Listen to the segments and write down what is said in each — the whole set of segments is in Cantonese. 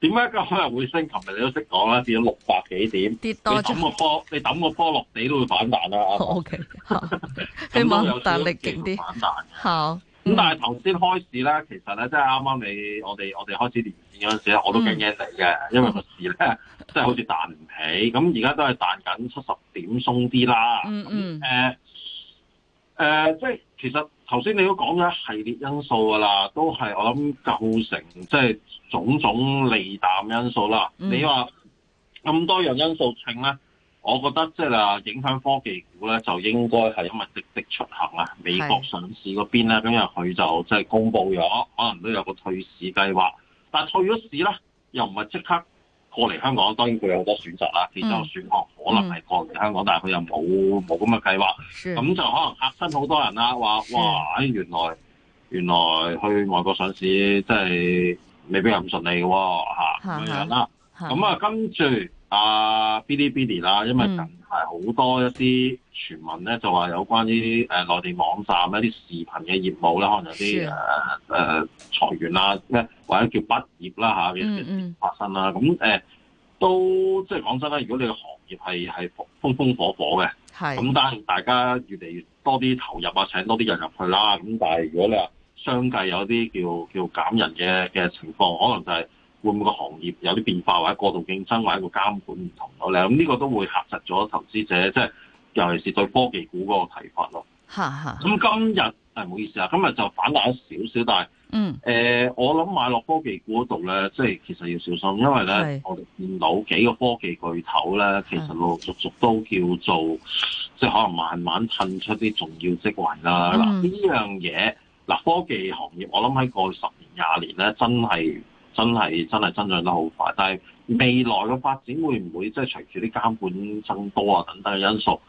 點解今日會升？琴、啊、日你都識講啦，跌到六百幾點，你抌個波，你抌個波落地都會反彈啦、啊。O K，佢冇彈力勁啲、啊。好、嗯。咁但係頭先開市咧，其實咧，即係啱啱你我哋我哋開始連線嗰陣時咧，我都驚驚你嘅、嗯，因為個市咧，即係好似彈唔起。咁而家都係彈緊七十點鬆啲啦。嗯嗯。誒誒、呃呃，即係其實。頭先你都講咗一系列因素噶啦，都係我諗構成即係、就是、種種利淡因素啦、嗯。你話咁多樣因素，請咧，我覺得即係啊，影響科技股咧，就應該係因為滴滴出行啊，美國上市嗰邊咧，今日佢就即係公布咗，可能都有個退市計劃。但係退咗市咧，又唔係即刻。過嚟香港當然佢有好多選擇啦，其實選項可能係過嚟香港，嗯嗯、但係佢又冇冇咁嘅計劃，咁就可能嚇親好多人啦，話哇，誒、哎、原來原來去外國上市真係未必咁順利嘅喎、哦，嚇咁樣啦，咁啊跟住。啊，嗶哩嗶哩啦，因為近排好多一啲傳聞咧，就話有關於誒內地網站一啲視頻嘅業務啦，可能有啲誒誒裁員啦，咩或者叫畢業啦嚇，發生啦，咁、啊、誒、嗯嗯嗯、都即係講真啦，如果你嘅行業係係風風火火嘅，咁但係大家越嚟越多啲投入啊，請多啲人入去啦，咁但係如果你話相繼有啲叫叫減人嘅嘅情況可能就係、是。會唔會個行業有啲變化，或者過度競爭，或者個監管唔同咗咧？咁呢個都會核實咗投資者，即係尤其是對科技股嗰個睇法咯。咁今日誒，唔、嗯、好意思啊，今日就反彈少少，但係嗯、呃、我諗買落科技股嗰度咧，即係其實要小心，因為咧我哋見到幾個科技巨頭咧，其實陸陸續續都叫做即係可能慢慢褪出啲重要職位啦。嗱、嗯、呢樣嘢嗱科技行業，我諗喺過去十年廿年咧，真係。真係真係增長得好快，但係未來嘅發展會唔會即係、就是、隨住啲監管增多啊等等嘅因素，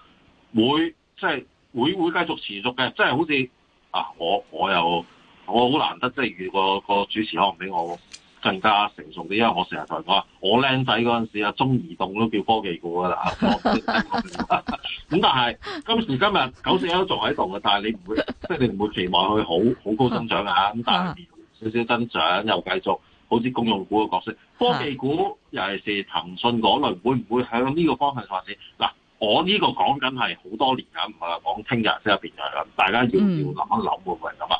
會即係、就是、會會繼續持續嘅，即、就、係、是、好似啊我我又我好難得即係如果個主持可能比我更加成熟啲，因為我成日同人講我僆仔嗰陣時啊，中移動都叫科技股㗎啦。咁 但係今時今日九四一都仲喺度嘅，但係你唔會即係、就是、你唔會期望佢好好高增長啊。咁但係 少少增長又繼續。好似公用股嘅角色，科技股尤其是騰訊嗰類，會唔會向呢個方向發展？嗱，我呢個講緊係好多年啊，唔係講聽日即刻變就係咁。大家要要諗一諗喎，唔係咁啊。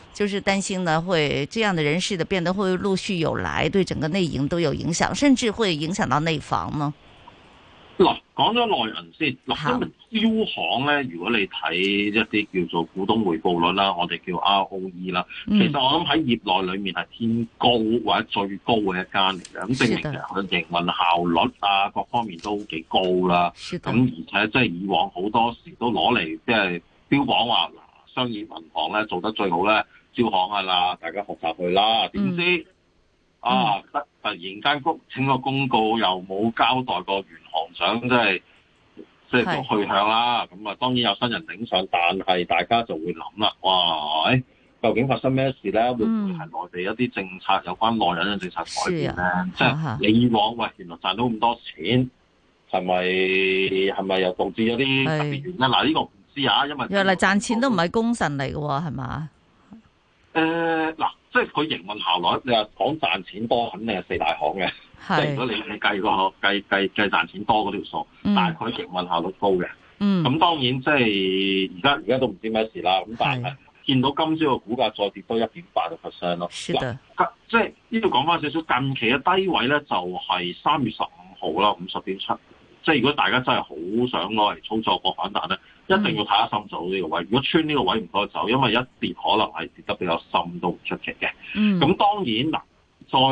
就是擔心呢會這樣的人士的變得會陸續有來，對整個內營都有影響，甚至會影響到內房呢？嗱，講咗內銀先，嗱今日招行咧，如果你睇一啲叫做股東回報率啦，我哋叫 ROE 啦、嗯，其實我諗喺業內裏面係偏高或者最高嘅一間嚟嘅，咁證明佢營運效率啊，各方面都幾高啦。是的。咁而且即係以往好多時都攞嚟即係標榜話商業銀行咧做得最好咧。招行啊啦，大家學習佢啦。點、嗯、知、嗯、啊，突突然間公請個公告，又冇交代個原行長，即係即係個去向啦。咁啊，當然有新人頂上，但係大家就會諗啦。哇，究竟發生咩事咧、嗯？會唔會係內地一啲政策有關內隱嘅政策改變咧、啊？即係你以往喂、啊，原來賺到咁多錢，係咪係咪又導致一啲特別原因？嗱，呢個唔知啊，因為原來賺錢都唔係功臣嚟嘅喎，係嘛？誒、呃，嗱，即係佢營運效率，你話講賺錢多，肯定係四大行嘅。即係如果你你計個計計計賺錢多嗰條數，但係佢營運效率高嘅。嗯。咁當然即，即係而家而家都唔知咩事啦。咁、嗯、但係見到今朝個股價再跌多啦一點八個 percent 咯。即係呢度講翻少少，近期嘅低位咧就係三月十五號啦，五十點七。即係如果大家真係好想攞嚟操作個反彈咧。Mm. 一定要睇下深走呢個位，如果穿呢個位唔可以走，因為一跌可能係跌得比較深都唔出奇嘅。咁、mm. 當然嗱，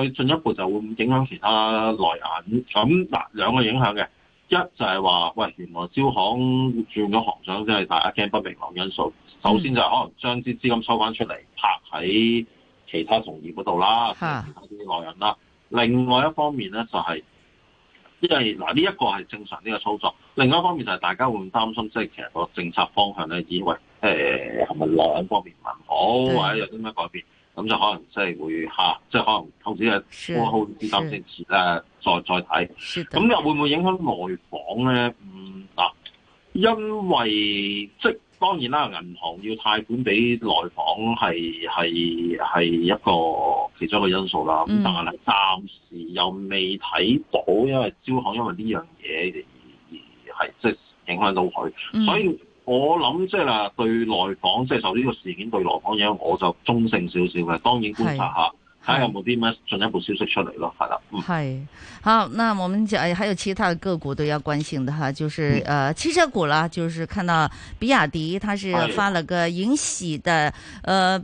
再進一步就會影響其他內銀。咁嗱兩個影響嘅，一就係話喂，原來招行轉咗行長，即、就、係、是、大家驚不明朗因素。Mm. 首先就可能將啲資金收翻出嚟，拍喺其他行業嗰度啦，ha. 其他啲內銀啦。另外一方面咧，就係、是。因為嗱呢一個係正常呢個操作，另外一方面就係大家會唔擔心，即係其實個政策方向咧，以為誒係咪兩方面問好，或者有啲咩改變，咁就可能即係會吓即係可能投時嘅過好啲擔心先誒，再再睇。咁又會唔會影響外房咧？嗯嗱，因為即。當然啦，銀行要貸款俾內房係係係一個其中一個因素啦。咁、嗯、但係暫時又未睇到，因為招行因為呢樣嘢而係即係影響到佢，嗯。所以我諗即係啦，對內房即係受呢個事件對內房影響，我就中性少少嘅。當然觀察下。有冇啲乜進一步消息出嚟咯，係啦。係，好，那我們講，還有其他個股都要關心的哈，就是誒、呃，汽車股啦，就是看到比亞迪，它是發了個盈喜的，誒。呃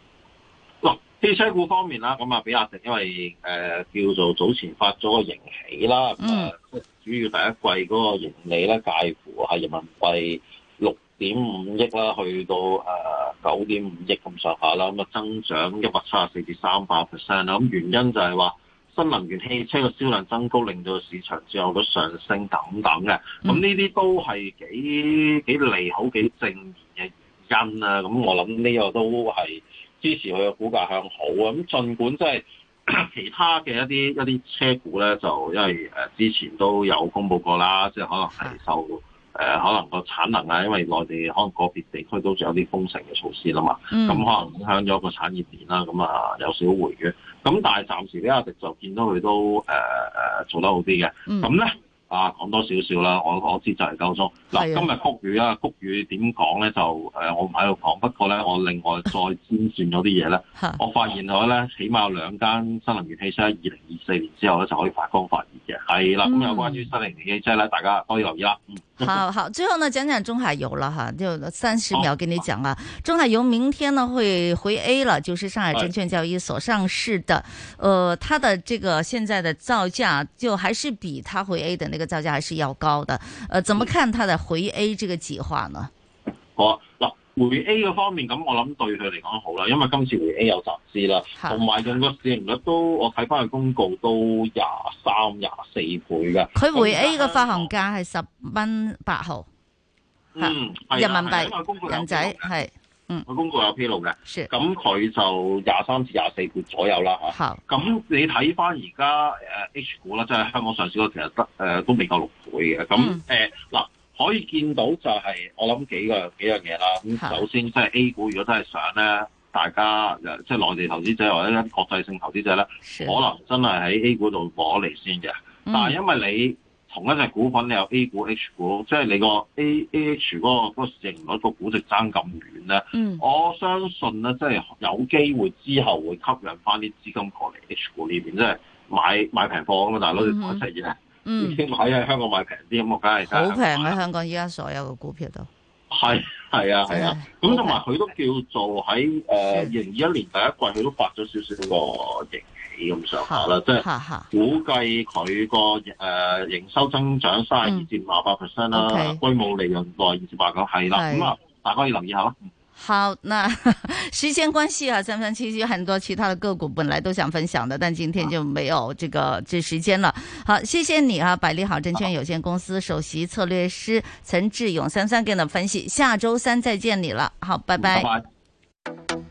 汽車股方面啦，咁啊，比亞迪因為誒、呃、叫做早前發咗個盈喜啦，咁啊，主要第一季嗰個盈利咧介乎喺人民幣六點五億啦，去到誒九點五億咁上下啦，咁、呃、啊增長一百七十四至三百 percent 啦，咁原因就係話新能源汽車嘅銷量增高，令到市場占有率上升等等嘅，咁呢啲都係幾幾利好、幾正面嘅原因啊，咁我諗呢個都係。支持佢嘅股價向好啊！咁儘管即、就、係、是、其他嘅一啲一啲車股咧，就因為誒之前都有公布過啦，即係可能係受誒、呃、可能個產能啊，因為內地可能個別地區都仲有啲封城嘅措施啦嘛，咁、嗯、可能影響咗個產業鏈啦，咁啊有少回軟。咁但係暫時比亞迪就見到佢都誒誒、呃、做得好啲嘅。咁、嗯、咧。啊，講多少少啦，我我知就係夠鐘。嗱，今日谷雨啊，谷雨點講咧就誒、呃，我唔喺度講。不過咧，我另外再先算咗啲嘢咧， 我發現咗咧，起碼有兩間新能源汽車喺二零二四年之後咧就可以發光發熱嘅。係啦，咁有關於新能源汽車咧，大家可以留意啦。好好，最後呢，講講中海油啦，哈，就三十秒跟你講啊。啊中海油明天呢會回 A 啦，就是上海證券交易所上市的，的呃，它的這個現在的造價就還是比它回 A 的那個。這個造價還是要高的，呃，怎麼看它的回 A 這個計劃呢？好啊，嗱，回 A 嗰方面，咁我諗對佢嚟講好啦，因為今次回 A 有集資啦，同埋仲個市盈率都，我睇翻佢公告都廿三廿四倍嘅。佢回 A 個發行價係十蚊八毫，嗯、啊，人民幣人，人仔係。佢、嗯、公告有披露嘅，咁佢就廿三至廿四倍左右啦，吓。咁、啊、你睇翻而家誒 H 股啦，即係香港上市個其實得誒都未夠六倍嘅。咁誒嗱，可以見到就係、是、我諗幾個幾樣嘢啦。咁首先即係 A 股，如果真係想咧，大家即係內地投資者或者國際性投資者咧，可能真係喺 A 股度攞嚟先嘅、嗯。但係因為你。同一隻股份你有 A 股、H 股，即係你個、AH、個 A、A、H 嗰個市盈率個估值爭咁遠咧、嗯，我相信咧，即係有機會之後會吸引翻啲資金過嚟 H 股呢邊即係買買平貨咁嘛，大佬、嗯，你講真嘢，你先買喺香港買平啲咁，梗係好平喺香港依家所有嘅股票都係係啊係啊，咁同埋佢都叫做喺二零二一年第一季，佢都發咗少少個盈。咁上下啦，即係估計佢個誒營收增長三十二至五八 percent 啦，規模利潤內二至八九係啦，咁啊大家可以留意下咯。好，那時間關係啊，三三七七，很多其他的個股本來都想分享的，但今天就沒有這個這時間了。好，謝謝你啊，百利好證券有限公司首席策略師岑智勇，三三跟到分析，下周三再見你了，好，拜拜。拜拜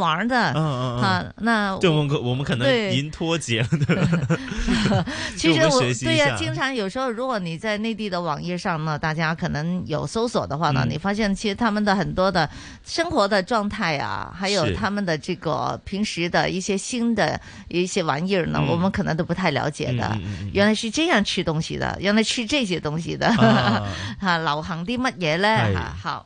玩的，好、啊啊、那，就我們可我們可能已經脫節了，對其實 我對呀、啊，經常有時候，如果你在內地的網頁上呢，大家可能有搜索的話呢，嗯、你發現其實他們的很多的生活的狀態啊，還有他們的這個平時的一些新的一些玩意兒呢，嗯、我們可能都不太了解的、嗯。原來是這樣吃東西的，原來吃這些東西的，哈、啊啊，流行啲乜嘢呢？好。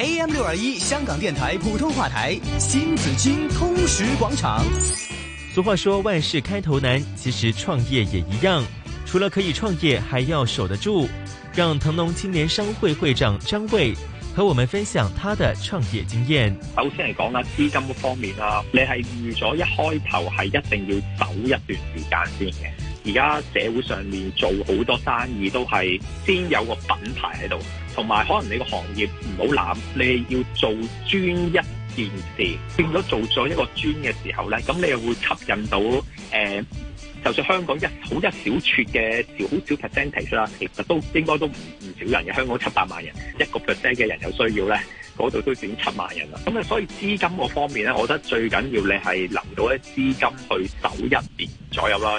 AM 六二一，香港電台普通話台，新紫荊通識廣場。俗話說，萬事開頭難，其實創業也一樣。除了可以創業，還要守得住。讓騰龍青年商會會長張衛和我們分享他的創業經驗。首先嚟講啦，資金方面啦，你係預咗一開頭係一定要走一段時間先嘅。而家社會上面做好多生意都係先有個品牌喺度。同埋可能你個行業唔好攬，你要做專一件事，變咗做咗一個專嘅時候咧，咁你又會吸引到誒、呃，就算香港一好一小撮嘅少好少 percentage 啦，其實都應該都唔唔少人嘅，香港七百萬人，一個 percent 嘅人有需要咧，嗰度都已經七萬人啦。咁啊，所以資金個方面咧，我覺得最緊要你係留到一資金去守一年左右啦。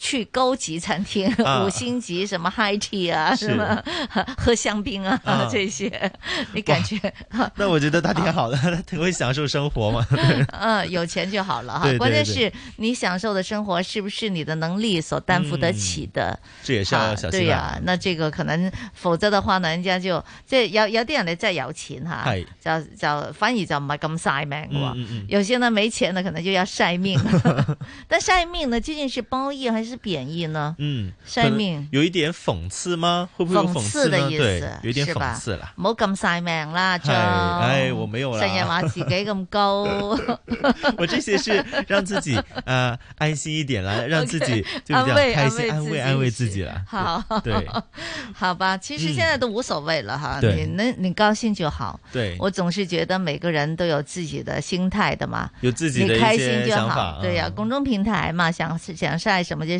去高級餐廳、啊，五星級什麼 high tea 啊，什麼喝香檳啊，啊這些，你感覺、啊？那我覺得他挺好的，啊、他挺會享受生活嘛。嗯，有錢就好了哈。對對對對。關鍵是你享受的生活是不是你的能力所擔負得起的？嗯啊、這也是要小心、啊、對啊、嗯，那這個可能，否則的話呢，人家就，這要有有啲人咧真係有錢哈，就就反而就唔係咁晒命喎。嗯，嗯嗯。有些呢沒錢呢可能就要晒命， 但晒命呢究竟是褒義還是？是貶義呢？嗯，晒命有一點諷刺嗎？會不會有諷刺諷刺的意思？對，有點諷刺了。冇咁晒命啦，哎，我沒有啦。成日話自己咁高，我這些是讓自己 呃安心一點啦，讓自己就比較開心，okay，安慰安慰，安慰自己啦。好對，好吧，其實現在都無所謂了哈。嗯、你那，你高興就好。對，我總是覺得每個人都有自己的心態的嘛，有自己的一些想法。嗯、對呀、啊，公眾平台嘛，想想晒什麼就是。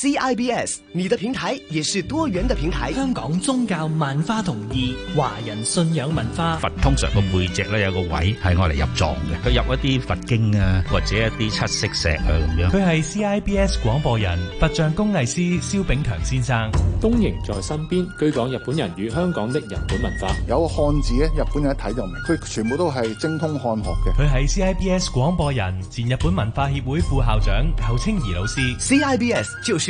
CIBS 你的平台也是多元的平台。香港宗教萬花筒二、華人信仰文化。佛通常個背脊咧，有個位係我嚟，入藏嘅，佢入一啲佛經啊，或者一啲七色石啊，咁樣。佢係 CIBS 廣播人，佛像工藝師蕭炳強先生。東瀛在身邊，居港日本人與香港的日本文化。有個漢字咧，日本人一睇，就明，佢全部都係精通漢學嘅。佢係 CIBS 廣播人，前日本文化協會副校長侯清怡老師。CIBS、就是